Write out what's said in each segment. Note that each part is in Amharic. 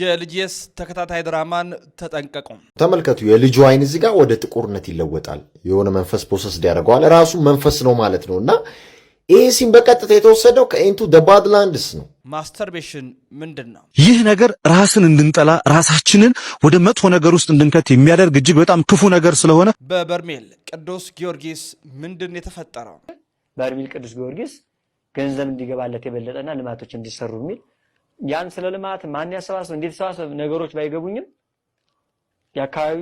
የልጅስ ተከታታይ ድራማን ተጠንቀቁ ተመልከቱ። የልጁ አይን እዚህ ጋር ወደ ጥቁርነት ይለወጣል። የሆነ መንፈስ ፕሮሰስ ያደርገዋል። ራሱ መንፈስ ነው ማለት ነው እና ይህ ሲን በቀጥታ የተወሰደው ከኢንቱ ደ ባድላንድስ ነው። ማስተርቤሽን ምንድን ነው? ይህ ነገር ራስን እንድንጠላ ራሳችንን ወደ መጥፎ ነገር ውስጥ እንድንከት የሚያደርግ እጅግ በጣም ክፉ ነገር ስለሆነ በበርሜል ቅዱስ ጊዮርጊስ ምንድን የተፈጠረው በርሜል ቅዱስ ጊዮርጊስ ገንዘብ እንዲገባለት የበለጠና ልማቶች እንዲሰሩ የሚል ያን ስለ ልማት ማን ያሰባሰብ እንዴት ሰባሰብ ነገሮች ባይገቡኝም የአካባቢ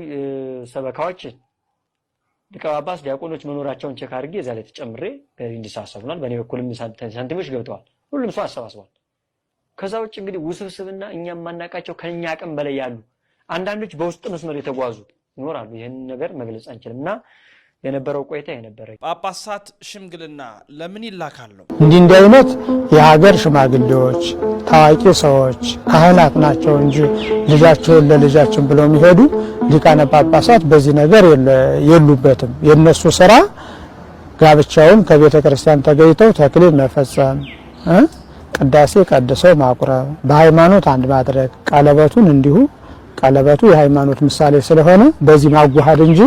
ሰበካዎች ሊቀ ጳጳስ፣ ዲያቆኖች መኖራቸውን ቼክ አድርጌ እዛ ላይ ተጨምሬ ገቢ እንዲሰባሰቡናል። በእኔ በኩልም ሳንቲሞች ገብተዋል። ሁሉም ሰው አሰባስቧል። ከዛ ውጭ እንግዲህ ውስብስብና እኛ የማናውቃቸው ከኛ አቅም በላይ ያሉ አንዳንዶች በውስጥ መስመር የተጓዙ ይኖራሉ። ይህን ነገር መግለጽ አንችልም እና የነበረው ቆይታ የነበረ ጳጳሳት ሽምግልና ለምን ይላካል ነው። እንዲህ እንዲህ አይነት የሀገር ሽማግሌዎች፣ ታዋቂ ሰዎች፣ ካህናት ናቸው እንጂ ልጃቸውን ለልጃችን ብለው የሚሄዱ ሊቃነ ጳጳሳት በዚህ ነገር የሉበትም። የእነሱ ስራ ጋብቻውን ከቤተ ክርስቲያን ተገኝተው ተክሊል መፈጸም ቅዳሴ ቀድሰው ማቁረብ፣ በሃይማኖት አንድ ማድረግ፣ ቀለበቱን እንዲሁ ቀለበቱ የሃይማኖት ምሳሌ ስለሆነ በዚህ ማዋሃድ እንጂ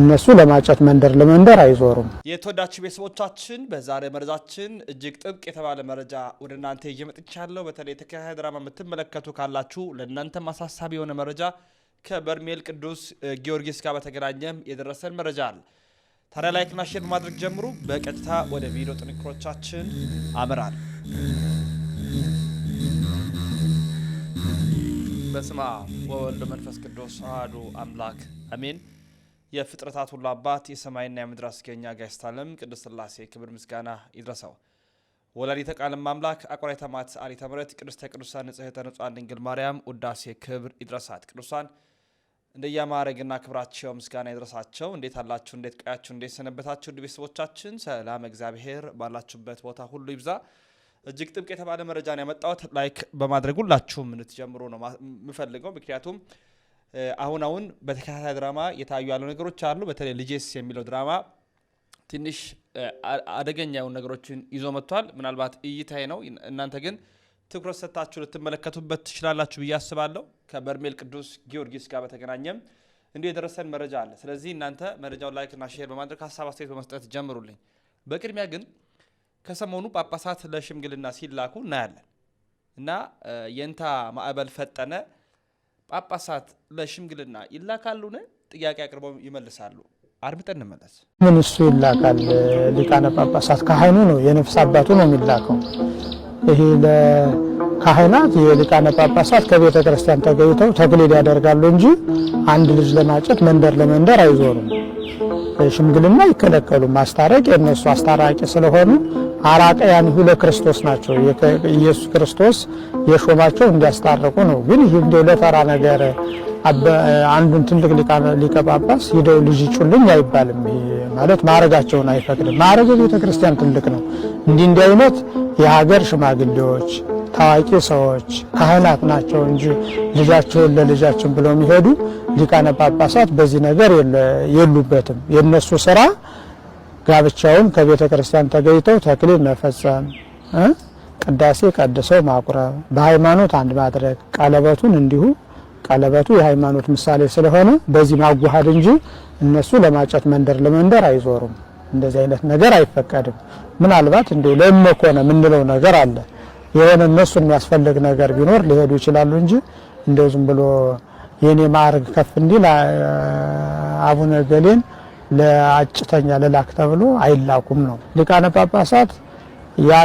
እነሱ ለማጨት መንደር ለመንደር አይዞሩም። የተወዳችሁ ቤተሰቦቻችን በዛሬ መረጃችን እጅግ ጥብቅ የተባለ መረጃ ወደ እናንተ እየመጥቻለሁ። በተለይ የተከታታይ ድራማ የምትመለከቱ ካላችሁ ለእናንተ ማሳሳቢ የሆነ መረጃ ከበርሜል ቅዱስ ጊዮርጊስ ጋር በተገናኘም የደረሰን መረጃ አለ። ታዲያ ላይክና ሼር ማድረግ ጀምሩ። በቀጥታ ወደ ቪዲዮ ጥንክሮቻችን አምራል በስመ አብ ወወልድ መንፈስ ቅዱስ አሐዱ አምላክ አሜን። የፍጥረታት ሁሉ አባት የሰማይና የምድር አስገኛ ጋይስታለም ቅዱስ ሥላሴ ክብር ምስጋና ይድረሰው። ወላዲተ ቃል አምላክ አቁራይ ተማት ሰዓሊተ ምሕረት ቅድስተ ቅዱሳን ንጽሕተ ንጹሐን ድንግል ማርያም ውዳሴ ክብር ይድረሳት። ቅዱሳን እንደየማዕረግና ክብራቸው ምስጋና ይድረሳቸው። እንዴት አላችሁ? እንዴት ቆያችሁ? እንዴት ሰነበታችሁ? ውድ ቤተሰቦቻችን ሰላም እግዚአብሔር ባላችሁበት ቦታ ሁሉ ይብዛ። እጅግ ጥብቅ የተባለ መረጃን ያመጣሁት ላይክ በማድረግ ሁላችሁም እንድትጀምሩ ነው የምፈልገው። ምክንያቱም አሁን አሁን በተከታታይ ድራማ የታዩ ያሉ ነገሮች አሉ። በተለይ ልጄስ የሚለው ድራማ ትንሽ አደገኛ የሆኑ ነገሮችን ይዞ መጥቷል። ምናልባት እይታዬ ነው። እናንተ ግን ትኩረት ሰጥታችሁ ልትመለከቱበት ትችላላችሁ ብዬ አስባለሁ። ከበርሜል ቅዱስ ጊዮርጊስ ጋር በተገናኘም እንዲሁ የደረሰን መረጃ አለ። ስለዚህ እናንተ መረጃውን ላይክና ሼር በማድረግ ሀሳብ አስተያየት በመስጠት ጀምሩልኝ። በቅድሚያ ግን ከሰሞኑ ጳጳሳት ለሽምግልና ሲላኩ እናያለን እና የእንታ ማዕበል ፈጠነ ጳጳሳት ለሽምግልና ይላካሉን? ጥያቄ አቅርበው ይመልሳሉ። አድምጠን እንመለስ። ምን እሱ ይላካል? ሊቃነ ጳጳሳት ካህኑ ነው የነፍስ አባቱ ነው የሚላከው። ይሄ ለካህናት የሊቃነ ጳጳሳት ከቤተ ክርስቲያን ተገኝተው ተክሊል ያደርጋሉ እንጂ አንድ ልጅ ለማጨት መንደር ለመንደር አይዞሩም። ሽምግልና ይከለከሉ ማስታረቅ የእነሱ አስታራቂ ስለሆኑ አራቀያን ሁለ ክርስቶስ ናቸው። ኢየሱስ ክርስቶስ የሾማቸው እንዲያስታርቁ ነው። ግን ይህ ለተራ ነገር አንዱን ትልቅ ሊቀ ጳጳስ ሂደው ልጅ ጩልኝ አይባልም። ማለት ማረጋቸውን አይፈቅድም። ማረግ ቤተ ክርስቲያን ትልቅ ነው። እንዲህ እንዲህ አይነት የሀገር ሽማግሌዎች፣ ታዋቂ ሰዎች፣ ካህናት ናቸው እንጂ ልጃቸውን ለልጃችን ብለው የሚሄዱ ሊቃነ ጳጳሳት በዚህ ነገር የሉበትም። የእነሱ ስራ ጋብቻውን ከቤተ ክርስቲያን ተገኝተው ተክሊል መፈጸም፣ ቅዳሴ ቀድሰው ማቁረብ፣ በሃይማኖት አንድ ማድረግ፣ ቀለበቱን እንዲሁ ቀለበቱ የሃይማኖት ምሳሌ ስለሆነ በዚህ ማጓሃድ እንጂ እነሱ ለማጨት መንደር ለመንደር አይዞሩም። እንደዚህ አይነት ነገር አይፈቀድም። ምናልባት እንዲ ለመኮነ የምንለው ነገር አለ የሆነ እነሱን የሚያስፈልግ ነገር ቢኖር ሊሄዱ ይችላሉ እንጂ እንደው ዝም ብሎ የኔ ማዕረግ ከፍ እንዲል አቡነ ገሌን ለአጭተኛ ለላክ ተብሎ አይላኩም ነው። ሊቃነ ጳጳሳት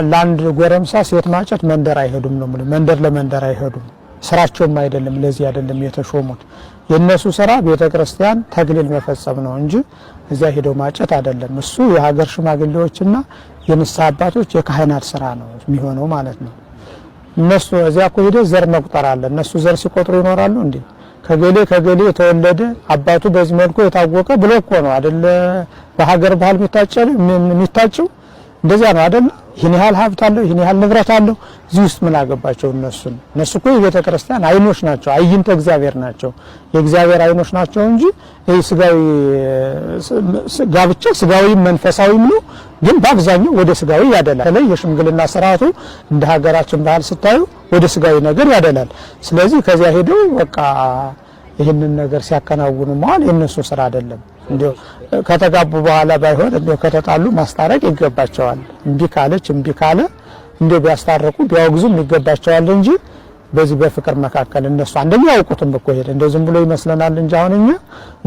ለአንድ ጎረምሳ ሴት ማጨት መንደር አይሄዱም ነው፣ መንደር ለመንደር አይሄዱም። ስራቸውም አይደለም፣ ለዚህ አይደለም የተሾሙት። የእነሱ ስራ ቤተ ክርስቲያን ተግሊል መፈጸም ነው እንጂ እዚያ ሄደው ማጨት አይደለም። እሱ የሀገር ሽማግሌዎችና የንስሐ አባቶች የካህናት ስራ ነው የሚሆነው ማለት ነው። እነሱ እዚያ እኮ ሄደ ዘር መቁጠር አለ። እነሱ ዘር ሲቆጥሩ ይኖራሉ እንዴ? ከገሌ ከገሌ የተወለደ አባቱ በዚህ መልኩ የታወቀ ብሎ እኮ ነው አይደለ? በሀገር ባህል የሚታጭው እንደዚያ ነው አደለ? ይህን ያህል ሀብት አለው፣ ይህን ያህል ንብረት አለው። እዚህ ውስጥ ምን አገባቸው እነሱን? እነሱ እኮ የቤተ ክርስቲያን አይኖች ናቸው፣ አይንተ እግዚአብሔር ናቸው፣ የእግዚአብሔር አይኖች ናቸው እንጂ ይህ ስጋዊ ጋብቻ ስጋዊም መንፈሳዊም ነው፣ ግን በአብዛኛው ወደ ስጋዊ ያደላል። በተለይ የሽምግልና ስርዓቱ እንደ ሀገራችን ባህል ስታዩ ወደ ስጋዊ ነገር ያደላል። ስለዚህ ከዚያ ሄደው በቃ ይህንን ነገር ሲያከናውኑ መዋል የእነሱ ስራ አይደለም። እንዲሁ ከተጋቡ በኋላ ባይሆን እንዲሁ ከተጣሉ ማስታረቅ ይገባቸዋል። እምቢ ካለች እምቢ ካለ እንዲሁ ቢያስታረቁ ቢያወግዙም ይገባቸዋል እንጂ በዚህ በፍቅር መካከል እነሱ አንደኛ ያውቁትም እኮ ይሄ እንደ ዝም ብሎ ይመስለናል እንጂ አሁን እኛ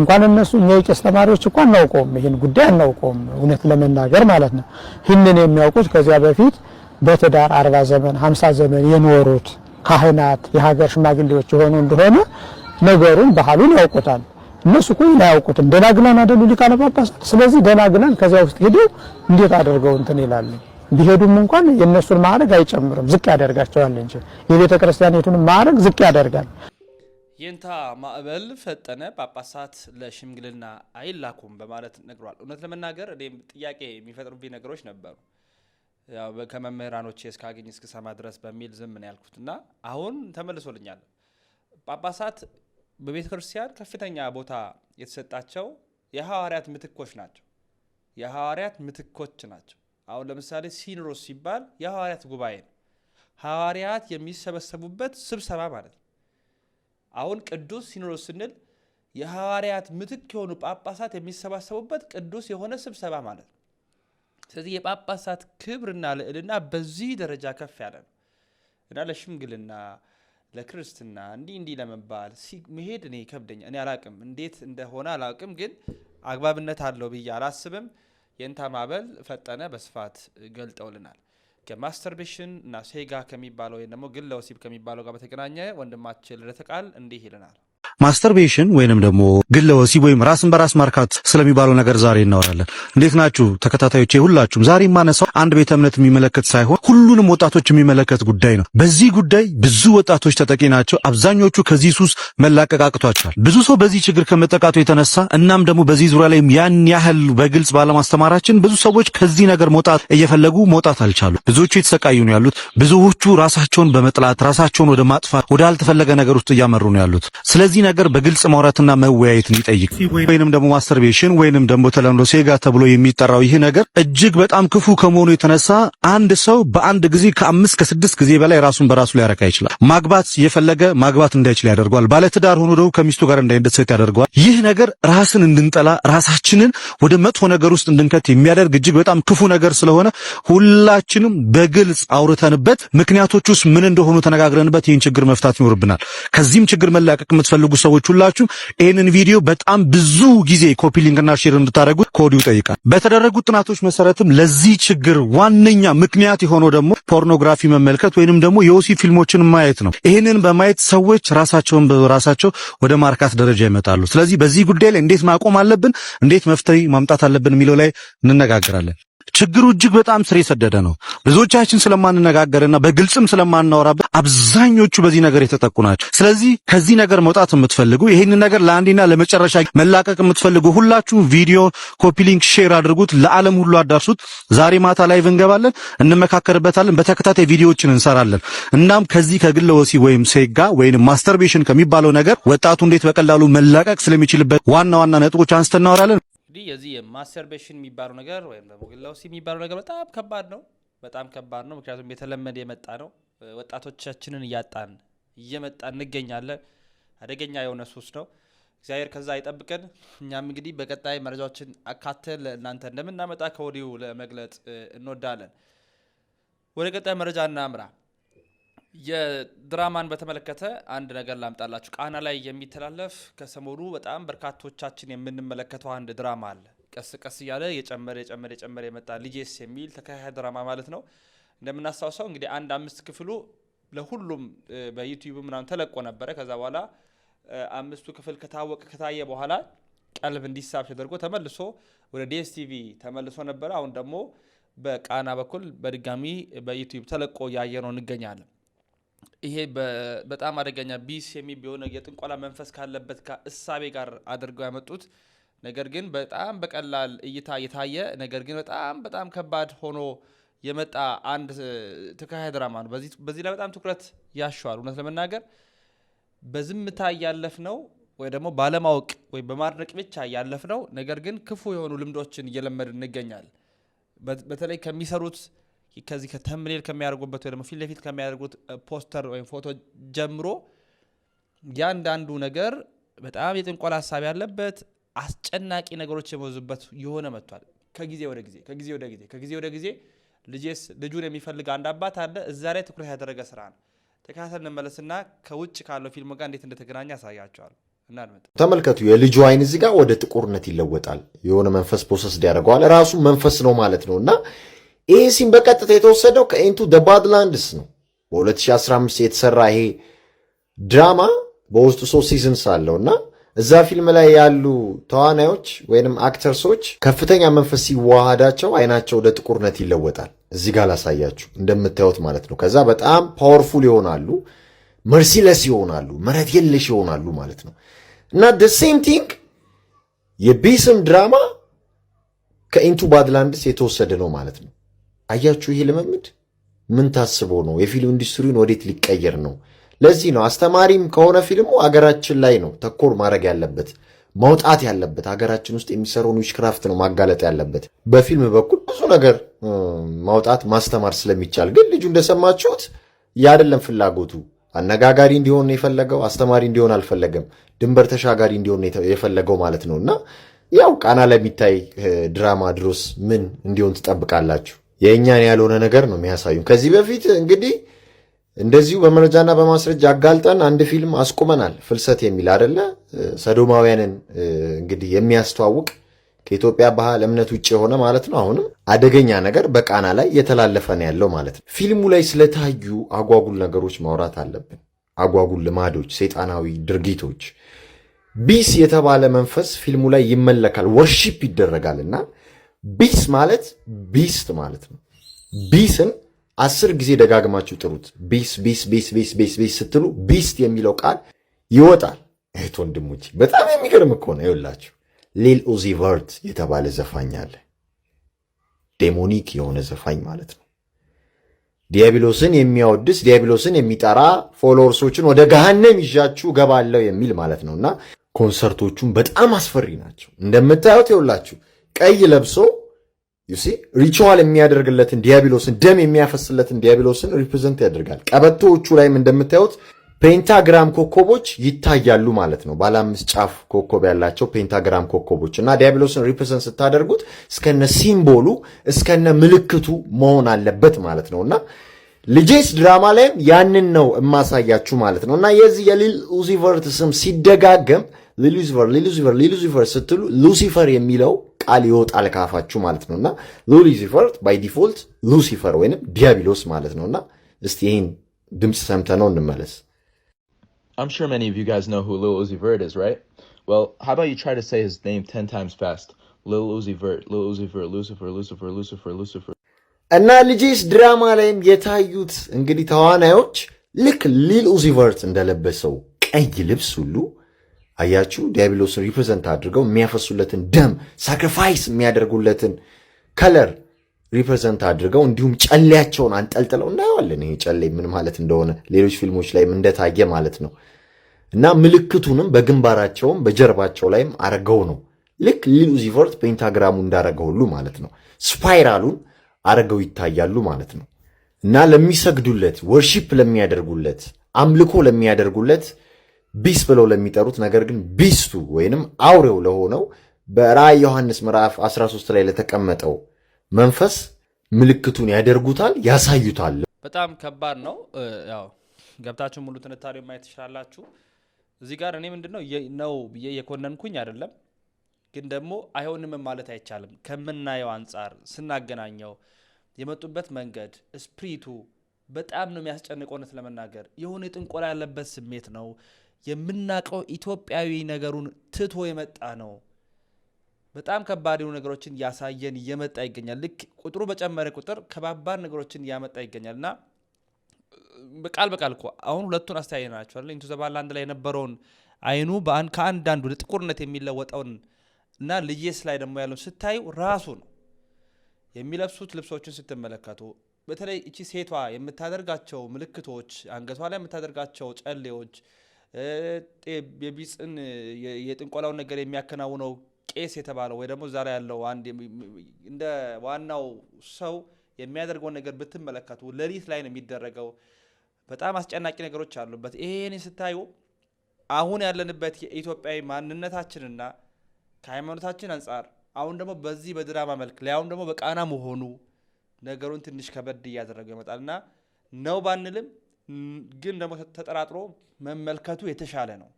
እንኳን እነሱ እኛ የቄስ ተማሪዎች እኮ አናውቀውም፣ ይህን ጉዳይ አናውቀውም እውነት ለመናገር ማለት ነው። ይህንን የሚያውቁት ከዚያ በፊት በትዳር አርባ ዘመን ሀምሳ ዘመን የኖሩት ካህናት፣ የሀገር ሽማግሌዎች የሆኑ እንደሆነ ነገሩን ባህሉን ያውቁታል። እነሱ እኮ አያውቁትም። ደናግላን አደሉ ሊቃነ ጳጳሳት። ስለዚህ ደናግላን ከዚያ ውስጥ ሄደው እንዴት አድርገው እንትን ይላሉ። ቢሄዱም እንኳን የእነሱን ማዕረግ አይጨምርም፣ ዝቅ ያደርጋቸዋል እንጂ የቤተ ክርስቲያኒቱን ማዕረግ ዝቅ ያደርጋል። የእንታ ማዕበል ፈጠነ ጳጳሳት ለሽምግልና አይላኩም በማለት ነግሯል። እውነት ለመናገር እኔም ጥያቄ የሚፈጥሩብኝ ነገሮች ነበሩ። ከመምህራኖቼ እስካገኝ እስክሰማ ድረስ በሚል ዝም ነው ያልኩት እና አሁን ተመልሶልኛል። ጳጳሳት በቤተ ክርስቲያን ከፍተኛ ቦታ የተሰጣቸው የሐዋርያት ምትኮች ናቸው። የሐዋርያት ምትኮች ናቸው። አሁን ለምሳሌ ሲኖዶስ ሲባል የሐዋርያት ጉባኤ ነው። ሐዋርያት የሚሰበሰቡበት ስብሰባ ማለት ነው። አሁን ቅዱስ ሲኖዶስ ስንል የሐዋርያት ምትክ የሆኑ ጳጳሳት የሚሰባሰቡበት ቅዱስ የሆነ ስብሰባ ማለት ነው። ስለዚህ የጳጳሳት ክብርና ልዕልና በዚህ ደረጃ ከፍ ያለ ነው እና ለሽምግልና ለክርስትና እንዲህ እንዲህ ለመባል መሄድ እኔ ከብደኛ እኔ አላቅም እንዴት እንደሆነ አላቅም፣ ግን አግባብነት አለው ብዬ አላስብም። የእንታ ማበል ፈጠነ በስፋት ገልጠውልናል። ከማስተርቤሽን እና ሴጋ ከሚባለው ወይም ደግሞ ግለ ወሲብ ከሚባለው ጋር በተገናኘ ወንድማችን ልደተቃል እንዲህ ይልናል። ማስተርቤሽን ወይንም ደግሞ ግለ ወሲብ ወይም ራስን በራስ ማርካት ስለሚባለው ነገር ዛሬ እናወራለን። እንዴት ናችሁ ተከታታዮቼ ሁላችሁም? ዛሬ የማነሳው አንድ ቤተ እምነት የሚመለከት ሳይሆን ሁሉንም ወጣቶች የሚመለከት ጉዳይ ነው። በዚህ ጉዳይ ብዙ ወጣቶች ተጠቂ ናቸው። አብዛኞቹ ከዚህ ሱስ መላቀቅ አቅቷቸዋል። ብዙ ሰው በዚህ ችግር ከመጠቃቱ የተነሳ እናም ደግሞ በዚህ ዙሪያ ላይም ያን ያህል በግልጽ ባለማስተማራችን ብዙ ሰዎች ከዚህ ነገር መውጣት እየፈለጉ መውጣት አልቻሉ። ብዙዎቹ የተሰቃዩ ነው ያሉት። ብዙዎቹ ራሳቸውን በመጥላት ራሳቸውን ወደ ማጥፋት ወደ አልተፈለገ ነገር ውስጥ እያመሩ ነው ያሉት። ስለዚህ ነገር በግልጽ ማውራትና መወያየት እንዲጠይቅ ወይንም ደግሞ ማስተርቤሽን ወይንም ደግሞ ተለምዶ ሴጋ ተብሎ የሚጠራው ይህ ነገር እጅግ በጣም ክፉ ከመሆኑ የተነሳ አንድ ሰው በአንድ ጊዜ ከአምስት ከስድስት ጊዜ በላይ ራሱን በራሱ ሊያረካ ይችላል። ማግባት የፈለገ ማግባት እንዳይችል ያደርገዋል። ባለትዳር ሆኖ ደግሞ ከሚስቱ ጋር እንዳይደሰት ያደርገዋል። ይህ ነገር ራስን እንድንጠላ ራሳችንን ወደ መጥፎ ነገር ውስጥ እንድንከት የሚያደርግ እጅግ በጣም ክፉ ነገር ስለሆነ ሁላችንም በግልጽ አውርተንበት ምክንያቶች ውስጥ ምን እንደሆኑ ተነጋግረንበት ይህን ችግር መፍታት ይኖርብናል። ከዚህም ችግር መላቀቅ የምትፈልጉ የምታደርጉ ሰዎች ሁላችሁ ይህንን ቪዲዮ በጣም ብዙ ጊዜ ኮፒ ሊንክና ሼር እንድታደርጉ ከወዲሁ ይጠይቃል። በተደረጉ ጥናቶች መሰረትም ለዚህ ችግር ዋነኛ ምክንያት የሆነው ደግሞ ፖርኖግራፊ መመልከት ወይንም ደግሞ የወሲብ ፊልሞችን ማየት ነው። ይህንን በማየት ሰዎች ራሳቸውን በራሳቸው ወደ ማርካት ደረጃ ይመጣሉ። ስለዚህ በዚህ ጉዳይ ላይ እንዴት ማቆም አለብን፣ እንዴት መፍትሄ ማምጣት አለብን የሚለው ላይ እንነጋገራለን። ችግሩ እጅግ በጣም ስር የሰደደ ነው። ብዙዎቻችን ስለማንነጋገርና በግልጽም ስለማናወራበት አብዛኞቹ በዚህ ነገር የተጠቁ ናቸው። ስለዚህ ከዚህ ነገር መውጣት የምትፈልጉ ይህን ነገር ለአንዴና ለመጨረሻ መላቀቅ የምትፈልጉ ሁላችሁ ቪዲዮ ኮፒ፣ ሊንክ፣ ሼር አድርጉት፣ ለዓለም ሁሉ አዳርሱት። ዛሬ ማታ ላይቭ እንገባለን፣ እንመካከርበታለን፣ በተከታታይ ቪዲዮዎችን እንሰራለን። እናም ከዚህ ከግለ ወሲብ ወይም ሴጋ ወይም ማስተርቤሽን ከሚባለው ነገር ወጣቱ እንዴት በቀላሉ መላቀቅ ስለሚችልበት ዋና ዋና ነጥቦች አንስተን እናወራለን። እንግዲህ የዚህ የማሰርቤሽን የሚባለው ነገር ወይም ደግሞ ግላውሲ የሚባለው ነገር በጣም ከባድ ነው፣ በጣም ከባድ ነው። ምክንያቱም የተለመደ የመጣ ነው። ወጣቶቻችንን እያጣን እየመጣ እንገኛለን። አደገኛ የሆነ ሱስ ነው። እግዚአብሔር ከዛ አይጠብቀን። እኛም እንግዲህ በቀጣይ መረጃዎችን አካተን ለእናንተ እንደምናመጣ ከወዲሁ ለመግለጽ እንወዳለን። ወደ ቀጣይ መረጃ እናምራ። የድራማን በተመለከተ አንድ ነገር ላምጣላችሁ። ቃና ላይ የሚተላለፍ ከሰሞኑ በጣም በርካቶቻችን የምንመለከተው አንድ ድራማ አለ። ቀስ ቀስ እያለ የጨመረ የጨመረ የጨመረ የመጣ ልጄስ የሚል ተከታታይ ድራማ ማለት ነው። እንደምናስታውሰው እንግዲህ አንድ አምስት ክፍሉ ለሁሉም በዩቲዩብ ምናምን ተለቆ ነበረ። ከዛ በኋላ አምስቱ ክፍል ከታወቀ ከታየ በኋላ ቀልብ እንዲሳብ ተደርጎ ተመልሶ ወደ ዲኤስቲቪ ተመልሶ ነበረ። አሁን ደግሞ በቃና በኩል በድጋሚ በዩቲዩብ ተለቆ እያየ ነው እንገኛለን። ይሄ በጣም አደገኛ ቢስ የሚል የሆነ የጥንቆላ መንፈስ ካለበት እሳቤ ጋር አድርገው ያመጡት ነገር ግን በጣም በቀላል እይታ የታየ ነገር ግን በጣም በጣም ከባድ ሆኖ የመጣ አንድ ተካሄ ድራማ ነው። በዚህ ላይ በጣም ትኩረት ያሸዋል። እውነት ለመናገር በዝምታ ነው ወይ ደግሞ ባለማወቅ ወይ በማድረቅ ብቻ ነው። ነገር ግን ክፉ የሆኑ ልምዶችን እየለመድ እንገኛል። በተለይ ከሚሰሩት ከዚህ ከተምሌል ከሚያደርጉበት ወይ ደግሞ ፊት ለፊት ከሚያደርጉት ፖስተር ወይም ፎቶ ጀምሮ ያንዳንዱ ነገር በጣም የጥንቆላ ሀሳብ ያለበት አስጨናቂ ነገሮች የበዙበት የሆነ መጥቷል። ከጊዜ ወደ ጊዜ ከጊዜ ወደ ጊዜ ከጊዜ ወደ ጊዜ ልጄስ ልጁን የሚፈልግ አንድ አባት አለ። እዛ ላይ ትኩረት ያደረገ ስራ ነው። ተከታተል እንመለስና ከውጭ ካለው ፊልም ጋር እንዴት እንደተገናኘ ያሳያቸዋል። ተመልከቱ። የልጁ አይን እዚህ ጋር ወደ ጥቁርነት ይለወጣል። የሆነ መንፈስ ፕሮሰስ ያደርገዋል። ራሱ መንፈስ ነው ማለት ነው እና ይህ ሲም በቀጥታ የተወሰደው ከኢንቱ ደ ባድላንድስ ነው። በ2015 የተሰራ ይሄ ድራማ በውስጡ ሶስት ሲዝንስ አለው እና እዛ ፊልም ላይ ያሉ ተዋናዮች ወይንም አክተርሶች ከፍተኛ መንፈስ ሲዋሃዳቸው አይናቸው ወደ ጥቁርነት ይለወጣል። እዚህ ጋር ላሳያችሁ እንደምታዩት ማለት ነው። ከዛ በጣም ፓወርፉል ይሆናሉ፣ መርሲለስ ይሆናሉ፣ ምሕረት የለሽ ይሆናሉ ማለት ነው እና ደ ሴም ቲንግ የቢስም ድራማ ከኢንቱ ባድላንድስ የተወሰደ ነው ማለት ነው። አያችሁ፣ ይሄ ልምምድ ምን ታስቦ ነው? የፊልም ኢንዱስትሪውን ወዴት ሊቀየር ነው? ለዚህ ነው አስተማሪም ከሆነ ፊልሙ አገራችን ላይ ነው ተኮር ማድረግ ያለበት መውጣት ያለበት ሀገራችን ውስጥ የሚሰራውን ዊችክራፍት ነው ማጋለጥ ያለበት። በፊልም በኩል ብዙ ነገር ማውጣት ማስተማር ስለሚቻል፣ ግን ልጁ እንደሰማችሁት ያደለም ፍላጎቱ አነጋጋሪ እንዲሆን ነው የፈለገው። አስተማሪ እንዲሆን አልፈለገም። ድንበር ተሻጋሪ እንዲሆን የፈለገው ማለት ነው። እና ያው ቃና ለሚታይ ድራማ ድሮስ ምን እንዲሆን ትጠብቃላችሁ? የእኛን ያልሆነ ነገር ነው የሚያሳዩን። ከዚህ በፊት እንግዲህ እንደዚሁ በመረጃና በማስረጃ አጋልጠን አንድ ፊልም አስቁመናል። ፍልሰት የሚል አደለ? ሰዶማውያንን እንግዲህ የሚያስተዋውቅ ከኢትዮጵያ ባህል እምነት ውጭ የሆነ ማለት ነው። አሁንም አደገኛ ነገር በቃና ላይ እየተላለፈ ነው ያለው ማለት ነው። ፊልሙ ላይ ስለታዩ አጓጉል ነገሮች ማውራት አለብን። አጓጉል ልማዶች፣ ሰይጣናዊ ድርጊቶች ቢስ የተባለ መንፈስ ፊልሙ ላይ ይመለካል፣ ወርሺፕ እና ቢስ ማለት ቢስት ማለት ነው። ቢስን አስር ጊዜ ደጋግማችሁ ጥሩት። ቢስ ቢስ ቢስ ቢስ ቢስ ቢስ ስትሉ ቢስት የሚለው ቃል ይወጣል። እህት ወንድሞች፣ በጣም የሚገርም እኮ ነው። ይኸውላችሁ ሊል ኡዚ ቨርት የተባለ ዘፋኝ አለ። ዴሞኒክ የሆነ ዘፋኝ ማለት ነው። ዲያብሎስን የሚያወድስ ዲያብሎስን የሚጠራ ፎሎወርሶችን ወደ ገሃነም ይዣችሁ ገባለሁ የሚል ማለት እና ኮንሰርቶቹን በጣም አስፈሪ ናቸው እንደምታዩት ይውላችሁ። ቀይ ለብሶ ዩሲ የሚያደርግለትን ዲያብሎስን ደም የሚያፈስለትን ዲያብሎስን ሪፕሬዘንት ያደርጋል። ቀበቶዎቹ ላይም እንደምታዩት ፔንታግራም ኮከቦች ይታያሉ ማለት ነው። ባለ አምስት ጫፍ ኮከብ ያላቸው ፔንታግራም ኮከቦች እና ዲያብሎስን ሪፕሬዘንት ስታደርጉት እስከነ ሲምቦሉ እስከነ ምልክቱ መሆን አለበት ማለት ነው እና ልጄስ ድራማ ላይም ያንን ነው የማሳያችሁ ማለት ነው እና የዚህ የሊል ኡዚ ስም ሲደጋገም ሊሉዚቨር ሊሉዚቨር ሊሉዚቨር ስትሉ ሉሲፈር የሚለው ቃል ይወጣል ካፋችሁ ማለት ነው። እና ሉሲፈር ባይ ዲፎልት ሉሲፈር ወይንም ዲያብሎስ ማለት ነው። እና እስቲ ይህን ድምፅ ሰምተ ነው እንመለስ። I'm sure many of you guys know who Lil Uzi Vert is, right? Well, how about you try to say his name 10 times fast? Lil Uzi Vert, Lil Uzi Vert, Lucifer, Lucifer, Lucifer, Lucifer. እና ልጅስ ድራማ ላይም የታዩት እንግዲህ ተዋናዮች ልክ ሊል እንደለበሰው ቀይ ልብስ ሁሉ አያችሁ፣ ዲያብሎስን ሪፕሬዘንት አድርገው የሚያፈሱለትን ደም ሳክሪፋይስ የሚያደርጉለትን ከለር ሪፕሬዘንት አድርገው እንዲሁም ጨሌያቸውን አንጠልጥለው እናየዋለን። ይሄ ጨሌ ምን ማለት እንደሆነ ሌሎች ፊልሞች ላይም እንደታየ ማለት ነው። እና ምልክቱንም በግንባራቸውም በጀርባቸው ላይም አረገው ነው። ልክ ሊሉዚቨርት በኢንታግራሙ እንዳረገው ሁሉ ማለት ነው። ስፓይራሉን አረገው ይታያሉ ማለት ነው። እና ለሚሰግዱለት ወርሺፕ ለሚያደርጉለት አምልኮ ለሚያደርጉለት ቢስ ብለው ለሚጠሩት ነገር ግን ቢስቱ ወይንም አውሬው ለሆነው በራእይ ዮሐንስ ምዕራፍ 13 ላይ ለተቀመጠው መንፈስ ምልክቱን ያደርጉታል፣ ያሳዩታል። በጣም ከባድ ነው። ያው ገብታችሁ ሙሉ ትንታኔው ማየት ትችላላችሁ። እዚህ ጋር እኔ ምንድን ነው ነው ብዬ የኮነንኩኝ አይደለም፣ ግን ደግሞ አይሆንም ማለት አይቻልም። ከምናየው አንጻር ስናገናኘው የመጡበት መንገድ ስፕሪቱ በጣም ነው የሚያስጨንቀውነት እውነት ለመናገር የሆነ የጥንቆላ ያለበት ስሜት ነው የምናውቀው ኢትዮጵያዊ ነገሩን ትቶ የመጣ ነው። በጣም ከባድ የሆኑ ነገሮችን ያሳየን እየመጣ ይገኛል። ልክ ቁጥሩ በጨመረ ቁጥር ከባባድ ነገሮችን እያመጣ ይገኛል እና በቃል በቃል እኮ አሁን ሁለቱን አስተያየ ናቸዋል ኢንቱ አንድ ላይ የነበረውን አይኑ ከአንዳንዱ ወደ ጥቁርነት የሚለወጠውን እና ልየስ ላይ ደግሞ ያለውን ስታዩ ራሱ ነው የሚለብሱት ልብሶችን ስትመለከቱ በተለይ እቺ ሴቷ የምታደርጋቸው ምልክቶች፣ አንገቷ ላይ የምታደርጋቸው ጨሌዎች የቢጽን የጥንቆላውን ነገር የሚያከናውነው ቄስ የተባለው ወይ ደግሞ ዛሬ ያለው አንድ እንደ ዋናው ሰው የሚያደርገውን ነገር ብትመለከቱ ሌሊት ላይ ነው የሚደረገው። በጣም አስጨናቂ ነገሮች አሉበት። ይሄን ስታዩ አሁን ያለንበት የኢትዮጵያዊ ማንነታችንና ከሃይማኖታችን አንጻር አሁን ደግሞ በዚህ በድራማ መልክ ላይ አሁን ደግሞ በቃና መሆኑ ነገሩን ትንሽ ከበድ እያደረገው ይመጣልና ነው ባንልም ግን ደግሞ ተጠራጥሮ መመልከቱ የተሻለ ነው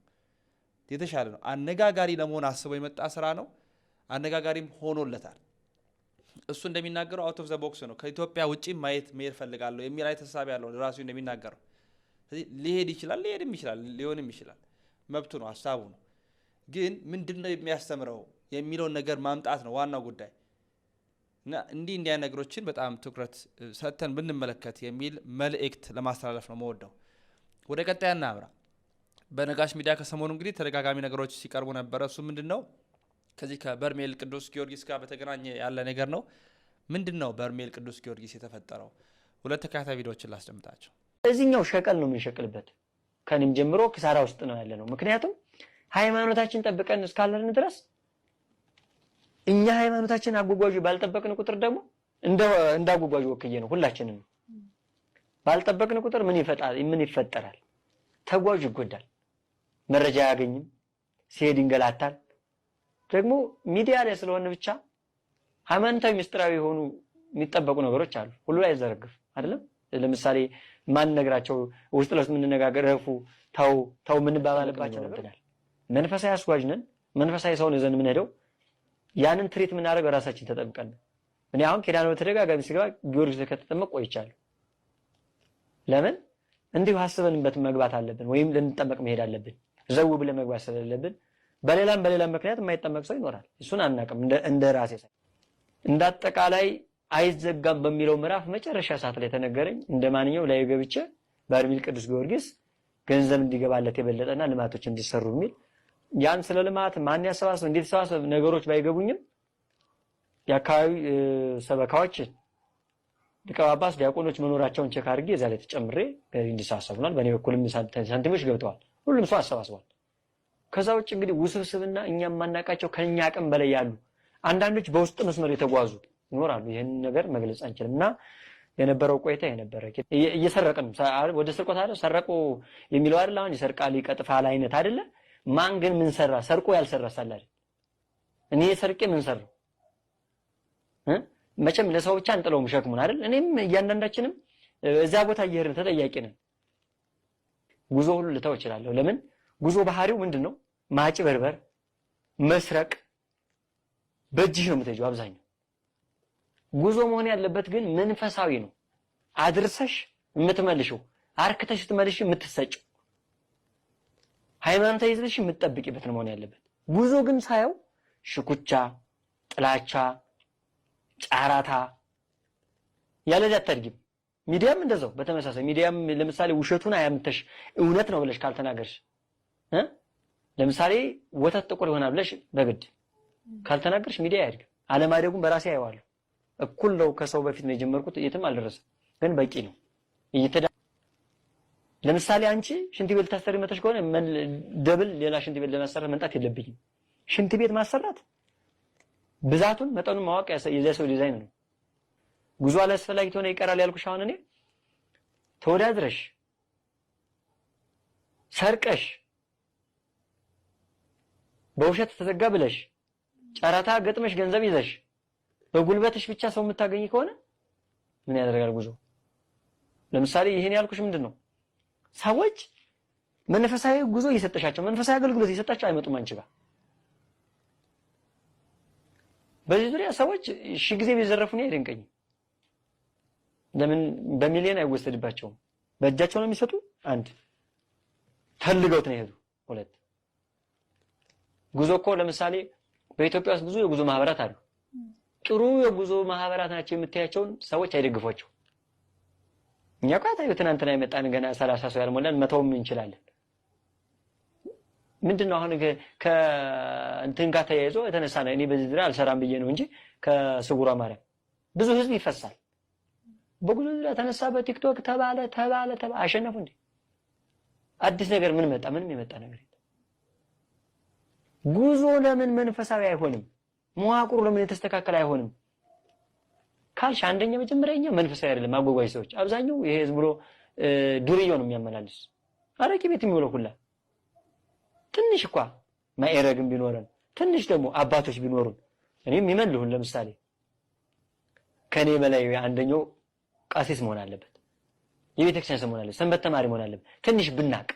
የተሻለ ነው። አነጋጋሪ ለመሆን አስበው የመጣ ስራ ነው። አነጋጋሪም ሆኖለታል። እሱ እንደሚናገረው አውት ኦፍ ዘ ቦክስ ነው። ከኢትዮጵያ ውጭ ማየት መሄድ ፈልጋለሁ የሚል አይነት ተሳቢ ያለው ራሱ እንደሚናገረው ሊሄድ ይችላል፣ ሊሄድም ይችላል፣ ሊሆንም ይችላል። መብቱ ነው፣ ሀሳቡ ነው። ግን ምንድን ነው የሚያስተምረው የሚለውን ነገር ማምጣት ነው ዋናው ጉዳይ። እና እንዲህ እንዲያ ነገሮችን በጣም ትኩረት ሰጥተን ብንመለከት የሚል መልእክት ለማስተላለፍ ነው መወደው። ወደ ቀጣይ እናምራ። በነጋሽ ሚዲያ ከሰሞኑ እንግዲህ ተደጋጋሚ ነገሮች ሲቀርቡ ነበረ። እሱ ምንድን ነው? ከዚህ ከበርሜል ቅዱስ ጊዮርጊስ ጋር በተገናኘ ያለ ነገር ነው። ምንድን ነው በርሜል ቅዱስ ጊዮርጊስ የተፈጠረው? ሁለት ተከታታይ ቪዲዮዎችን ላስደምጣቸው። እዚህኛው ሸቀል ነው የምንሸቅልበት። ከኔም ጀምሮ ከሳራ ውስጥ ነው ያለ ነው። ምክንያቱም ሃይማኖታችን ጠብቀን እስካለን ድረስ እኛ ሃይማኖታችን አጓጓዥ ባልጠበቅን ቁጥር ደግሞ እንደ አጓጓዥ ወክዬ ነው ሁላችንም ባልጠበቅን ቁጥር ምን ይፈጣል ምን ይፈጠራል ተጓዥ ይጎዳል መረጃ አያገኝም ሲሄድ ይንገላታል ደግሞ ሚዲያ ላይ ስለሆነ ብቻ ሃይማኖታዊ ምስጢራዊ የሆኑ የሚጠበቁ ነገሮች አሉ ሁሉ ላይ ዘረግፍ አይደለም ለምሳሌ ማንነግራቸው ውስጥ ለውስጥ የምንነጋገር ረፉ ተው ተው የምንባባልባቸው ነብናል መንፈሳዊ አስጓዥ ነን መንፈሳዊ ሰውን ይዘን የምንሄደው ያንን ትሬት የምናደርገው ራሳችን ተጠብቀን እኔ አሁን ኪዳነ ምሕረት ተደጋጋሚ ስገባ ጊዮርጊስ ከተጠመቅ ቆይቻለሁ። ለምን እንዲሁ አስበንበት መግባት አለብን፣ ወይም ልንጠመቅ መሄድ አለብን። ዘው ብለን መግባት ስለሌለብን በሌላም በሌላም ምክንያት የማይጠመቅ ሰው ይኖራል። እሱን አናውቅም። እንደ ራሴ እንደ አጠቃላይ አይዘጋም በሚለው ምዕራፍ መጨረሻ ሰዓት ላይ ተነገረኝ። እንደ ማንኛውም ላይ ገብቼ በርሜል ቅዱስ ጊዮርጊስ ገንዘብ እንዲገባለት የበለጠና ልማቶች እንዲሰሩ የሚል ያን ስለ ልማት ማን ያሰባሰብ እንዴት ሰባሰብ ነገሮች ባይገቡኝም የአካባቢ ሰበካዎች ሊቀ ጳጳስ፣ ዲያቆኖች መኖራቸውን ቼክ አድርጌ እዛ ላይ ተጨምሬ ገቢ እንዲሰባሰቡናል። በእኔ በኩልም ሳንቲሞች ገብተዋል። ሁሉም ሰው አሰባስቧል። ከዛ ውጭ እንግዲህ ውስብስብና እኛ ማናቃቸው ከኛ አቅም በላይ ያሉ አንዳንዶች በውስጥ መስመር የተጓዙ ይኖራሉ። ይህን ነገር መግለጽ አንችልም እና የነበረው ቆይታ የነበረ እየሰረቅን ወደ ስርቆት አለ ሰረቁ የሚለው አይደለ አሁን ይሰርቃል ይቀጥፋል አይነት አይደለ ማን ግን ምን ሰራ? ሰርቆ ያልሰራ ሳላል እኔ ሰርቄ ምን ሰራው? መቼም ለሰው ብቻ አንጥለውም ሸክሙን አይደል? እኔም እያንዳንዳችንም እዛ ቦታ እየሄድን ተጠያቂ ነን። ጉዞ ሁሉ ልተው እችላለሁ። ለምን ጉዞ ባህሪው ምንድን ነው? ማጭበርበር፣ መስረቅ፣ በእጅህ ነው የምትሄጂው አብዛኛው። ጉዞ መሆን ያለበት ግን መንፈሳዊ ነው። አድርሰሽ የምትመልሽው አርክተሽ ስትመልሽ የምትሰጭው ሃይማኖታዊ ይዘሽ የምትጠብቂበት ነው መሆን ያለበት። ጉዞ ግን ሳየው ሽኩቻ፣ ጥላቻ፣ ጫራታ ያለዚህ አታድጊም። ሚዲያም እንደዛው በተመሳሳይ ሚዲያም ለምሳሌ ውሸቱን አያምተሽ እውነት ነው ብለሽ ካልተናገርሽ እ ለምሳሌ ወተት ጥቁር ይሆናል ብለሽ በግድ ካልተናገርሽ ሚዲያ አያድግም። አለማደጉን በራሴ አየዋለሁ። እኩል ነው ከሰው በፊት ነው የጀመርኩት፣ የትም አልደረሰ ግን በቂ ነው እየተዳ ለምሳሌ አንቺ ሽንት ቤት ልታሰሪ መተሽ ከሆነ ደብል ሌላ ሽንት ቤት ለማሰራት መምጣት የለብኝም። ሽንት ቤት ማሰራት ብዛቱን መጠኑን ማወቅ ሰው ዲዛይን ነው። ጉዞ አላስፈላጊ ተሆነ ይቀራል ያልኩሽ አሁን እኔ ተወዳድረሽ ሰርቀሽ በውሸት ተዘጋ ብለሽ ጨረታ ገጥመሽ ገንዘብ ይዘሽ በጉልበትሽ ብቻ ሰው የምታገኝ ከሆነ ምን ያደርጋል ጉዞ? ለምሳሌ ይህን ያልኩሽ ምንድን ነው ሰዎች መንፈሳዊ ጉዞ እየሰጠሻቸው መንፈሳዊ አገልግሎት እየሰጣቸው አይመጡም አንቺ ጋር። በዚህ ዙሪያ ሰዎች ሺ ጊዜ ቢዘረፉ እኔ አይደንቀኝም። ለምን በሚሊዮን አይወሰድባቸውም? በእጃቸው ነው የሚሰጡ። አንድ ፈልገውት ነው የሄዱ። ሁለት ጉዞ እኮ ለምሳሌ በኢትዮጵያ ውስጥ ብዙ የጉዞ ማህበራት አሉ። ጥሩ የጉዞ ማህበራት ናቸው የምታያቸውን ሰዎች አይደግፏቸው እኛ እኮ አታዩ ትናንትና የመጣን ገና ሰላሳ ሰው ያልሞላን መተውም እንችላለን። ምንድን ነው አሁን ከእንትን ጋር ተያይዞ የተነሳ ነው። እኔ በዚህ ዙሪያ አልሰራም ብዬ ነው እንጂ ከስጉሯ ማርያም ብዙ ህዝብ ይፈሳል። በጉዞ ዙሪያ ተነሳ፣ በቲክቶክ ተባለ ተባለ ተባለ። አሸነፉ እንዴ? አዲስ ነገር ምን መጣ? ምንም የመጣ ነገር የለም። ጉዞ ለምን መንፈሳዊ አይሆንም? መዋቅሩ ለምን የተስተካከለ አይሆንም? ካልሽ አንደኛ መጀመሪያኛ መንፈሳዊ አይደለም ማጓጓዥ ሰዎች አብዛኛው ይሄ ዝም ብሎ ዱርዮ ነው የሚያመላልስ አረቂ ቤት የሚውለው ሁላ ትንሽ እኳ ማዕረግም ቢኖረን ትንሽ ደግሞ አባቶች ቢኖሩን እኔም ይመልሁን ለምሳሌ ከኔ በላይ አንደኛው ቃሲስ መሆን አለበት፣ የቤተክርስቲያን ሰው መሆን አለበት፣ ሰንበት ተማሪ መሆን አለበት። ትንሽ ብናቅ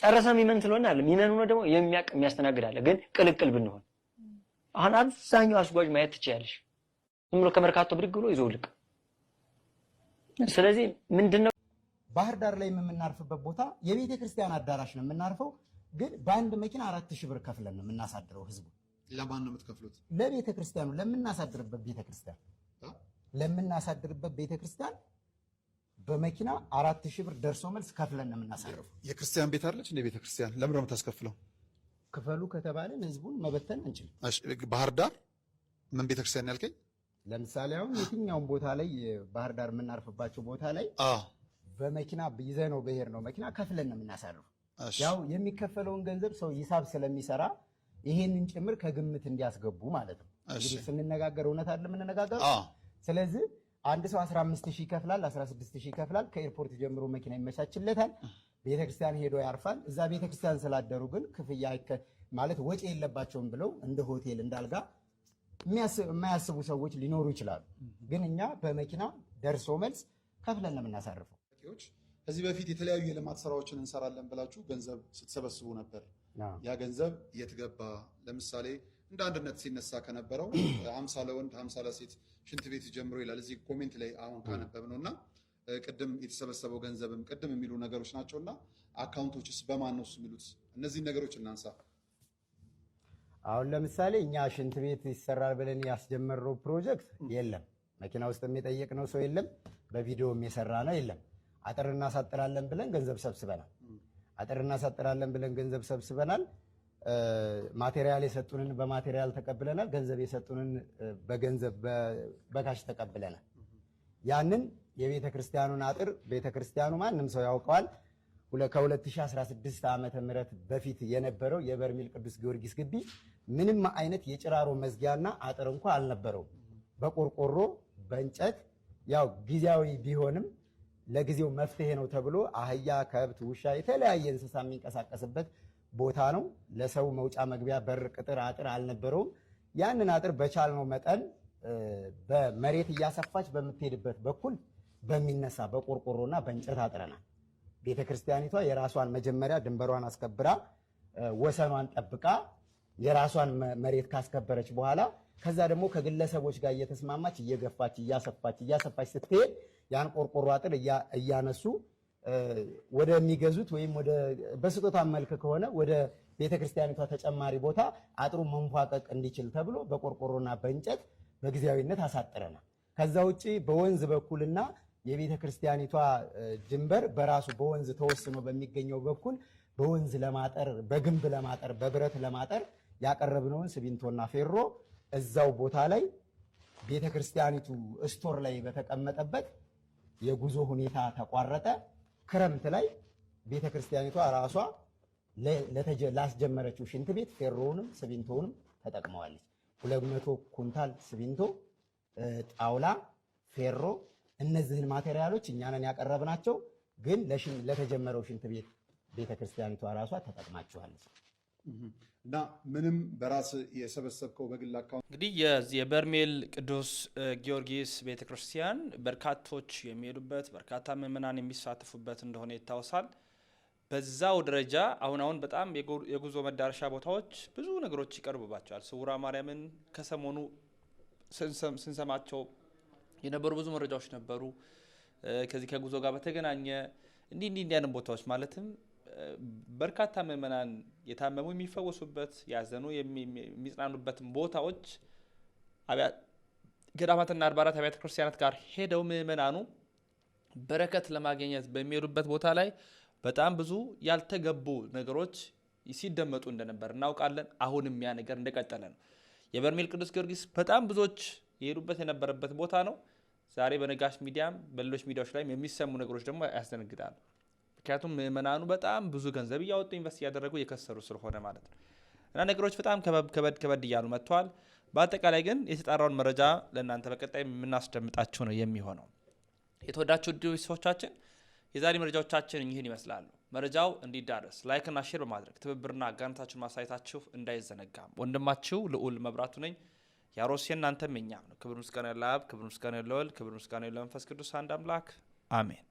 ጨረሰ ሚመን ስለሆነ አለ ሚመን ሆኖ ደግሞ የሚያቅ የሚያስተናግድ አለ። ግን ቅልቅል ብንሆን አሁን አብዛኛው አስጓዥ ማየት ትችያለሽ። ዝም ብሎ ከመርካቶ ብድግ ብሎ ይዞ ልቅ። ስለዚህ ምንድነው ባህር ዳር ላይ የምናርፍበት ቦታ የቤተ ክርስቲያን አዳራሽ ነው የምናርፈው፣ ግን በአንድ መኪና አራት ሺህ ብር ከፍለን ነው የምናሳድረው ህዝቡ። ለማን ነው የምትከፍሉት? ለቤተ ክርስቲያኑ፣ ለምናሳድርበት ቤተ ክርስቲያን ለምናሳድርበት ቤተ ክርስቲያን በመኪና አራት ሺህ ብር ደርሶ መልስ ከፍለን ነው የምናሳድረው። የክርስቲያን ቤት አለች እንደ ቤተ ክርስቲያን ለምን ነው የምታስከፍለው? ክፈሉ ከተባለን ህዝቡን መበተን እንችል። ባህር ዳር ምን ቤተክርስቲያን ያልከኝ ለምሳሌ አሁን የትኛውን ቦታ ላይ ባህር ዳር የምናርፍባቸው ቦታ ላይ በመኪና ይዘ ነው ብሄር ነው መኪና ከፍለን ነው የምናሳርፍ። ያው የሚከፈለውን ገንዘብ ሰው ሂሳብ ስለሚሰራ ይሄንን ጭምር ከግምት እንዲያስገቡ ማለት ነው። እንግዲህ ስንነጋገር እውነት አለ የምንነጋገር። ስለዚህ አንድ ሰው ሺህ ይከፍላል፣ 16 ሺህ ይከፍላል። ከኤርፖርት ጀምሮ መኪና ይመቻችለታል። ቤተክርስቲያን ሄዶ ያርፋል። እዛ ቤተክርስቲያን ስላደሩ ግን ክፍያ ማለት ወጪ የለባቸውም ብለው እንደ ሆቴል እንዳልጋ የማያስቡ ሰዎች ሊኖሩ ይችላሉ። ግን እኛ በመኪና ደርሶ መልስ ከፍለን ነው የምናሳርፈው። ከዚህ በፊት የተለያዩ የልማት ስራዎችን እንሰራለን ብላችሁ ገንዘብ ስትሰበስቡ ነበር። ያ ገንዘብ የት ገባ? ለምሳሌ እንደ አንድነት ሲነሳ ከነበረው ሀምሳ ለወንድ ሀምሳ ለሴት ሽንት ቤት ጀምሮ ይላል እዚህ ኮሜንት ላይ አሁን ካነበብ ነው እና ቅድም የተሰበሰበው ገንዘብም ቅድም የሚሉ ነገሮች ናቸው እና አካውንቶችስ በማን ነው የሚሉት እነዚህን ነገሮች እናንሳ። አሁን ለምሳሌ እኛ ሽንት ቤት ይሰራል ብለን ያስጀመረው ፕሮጀክት የለም። መኪና ውስጥ የጠየቅነው ሰው የለም። በቪዲዮም የሰራ ነው የለም። አጥር እናሳጥራለን ብለን ገንዘብ ሰብስበናል። አጥር እናሳጥራለን ብለን ገንዘብ ሰብስበናል። ማቴሪያል የሰጡንን በማቴሪያል ተቀብለናል። ገንዘብ የሰጡንን በገንዘብ በካሽ ተቀብለናል። ያንን የቤተ ክርስቲያኑን አጥር ቤተ ክርስቲያኑ ማንም ሰው ያውቀዋል። ከ2016 ዓመተ ምህረት በፊት የነበረው የበርሜል ቅዱስ ጊዮርጊስ ግቢ ምንም አይነት የጭራሮ መዝጊያና አጥር እንኳ አልነበረውም። በቆርቆሮ በእንጨት ያው ጊዜያዊ ቢሆንም ለጊዜው መፍትሄ ነው ተብሎ አህያ፣ ከብት፣ ውሻ የተለያየ እንስሳ የሚንቀሳቀስበት ቦታ ነው። ለሰው መውጫ መግቢያ በር፣ ቅጥር፣ አጥር አልነበረውም። ያንን አጥር በቻልነው መጠን በመሬት እያሰፋች በምትሄድበት በኩል በሚነሳ በቆርቆሮና በእንጨት አጥረናል። ቤተክርስቲያኒቷ የራሷን መጀመሪያ ድንበሯን አስከብራ ወሰኗን ጠብቃ የራሷን መሬት ካስከበረች በኋላ ከዛ ደግሞ ከግለሰቦች ጋር እየተስማማች እየገፋች እያሰፋች እያሰፋች ስትሄድ ያን ቆርቆሮ አጥር እያነሱ ወደሚገዙት ወይም በስጦታ መልክ ከሆነ ወደ ቤተክርስቲያኒቷ ተጨማሪ ቦታ አጥሩ መንፏቀቅ እንዲችል ተብሎ በቆርቆሮና በእንጨት በጊዜያዊነት አሳጥረናል። ከዛ ውጭ በወንዝ በኩልና የቤተ ክርስቲያኒቷ ድንበር በራሱ በወንዝ ተወስኖ በሚገኘው በኩል በወንዝ ለማጠር በግንብ ለማጠር በብረት ለማጠር ያቀረብነውን ሲሚንቶና ፌሮ እዛው ቦታ ላይ ቤተክርስቲያኒቱ ስቶር ላይ በተቀመጠበት የጉዞ ሁኔታ ተቋረጠ። ክረምት ላይ ቤተክርስቲያኒቷ ራሷ ላስጀመረችው ሽንት ቤት ፌሮውንም ሲሚንቶውንም ተጠቅመዋለች። 200 ኩንታል ሲሚንቶ፣ ጣውላ፣ ፌሮ እነዚህን ማቴሪያሎች እኛንን ያቀረብናቸው ግን ለተጀመረው ሽንት ቤት ቤተክርስቲያኒቷ ራሷ ተጠቅማችኋለች። እና ምንም በራስ የሰበሰብከው በግል አካውንት እንግዲህ የዚህ የበርሜል ቅዱስ ጊዮርጊስ ቤተ ክርስቲያን በርካቶች የሚሄዱበት በርካታ ምእመናን የሚሳተፉበት እንደሆነ ይታወሳል። በዛው ደረጃ አሁን አሁን በጣም የጉዞ መዳረሻ ቦታዎች ብዙ ነገሮች ይቀርቡባቸዋል። ስውራ ማርያምን ከሰሞኑ ስንሰማቸው የነበሩ ብዙ መረጃዎች ነበሩ። ከዚህ ከጉዞ ጋር በተገናኘ እንዲህ እንዲህ ቦታዎች ማለትም በርካታ ምእመናን የታመሙ የሚፈወሱበት፣ ያዘኑ የሚጽናኑበት ቦታዎች ገዳማትና አድባራት አብያተ ክርስቲያናት ጋር ሄደው ምእመናኑ በረከት ለማግኘት በሚሄዱበት ቦታ ላይ በጣም ብዙ ያልተገቡ ነገሮች ሲደመጡ እንደነበር እናውቃለን። አሁንም ያ ነገር እንደቀጠለ ነው። የበርሜል ቅዱስ ጊዮርጊስ በጣም ብዙዎች የሄዱበት የነበረበት ቦታ ነው። ዛሬ በነጋሽ ሚዲያም በሌሎች ሚዲያዎች ላይም የሚሰሙ ነገሮች ደግሞ ያስደነግጣሉ። ምክንያቱም ምእመናኑ በጣም ብዙ ገንዘብ እያወጡ ኢንቨስት እያደረጉ የከሰሩ ስለሆነ ማለት ነው። እና ነገሮች በጣም ከበድ ከበድ እያሉ መጥተዋል። በአጠቃላይ ግን የተጣራውን መረጃ ለእናንተ በቀጣይ የምናስደምጣችሁ ነው የሚሆነው። የተወዳችሁ ድሶቻችን የዛሬ መረጃዎቻችን ይህን ይመስላሉ። መረጃው እንዲዳረስ ላይክና ሼር በማድረግ ትብብርና አጋርነታችሁን ማሳየታችሁ እንዳይዘነጋም። ወንድማችሁ ልዑል መብራቱ ነኝ። ያሮሴ እናንተም እኛም ነው። ክብር ምስጋና ለአብ፣ ክብር ምስጋና ለወልድ፣ ክብር ምስጋና ለመንፈስ ቅዱስ አንድ አምላክ አሜን።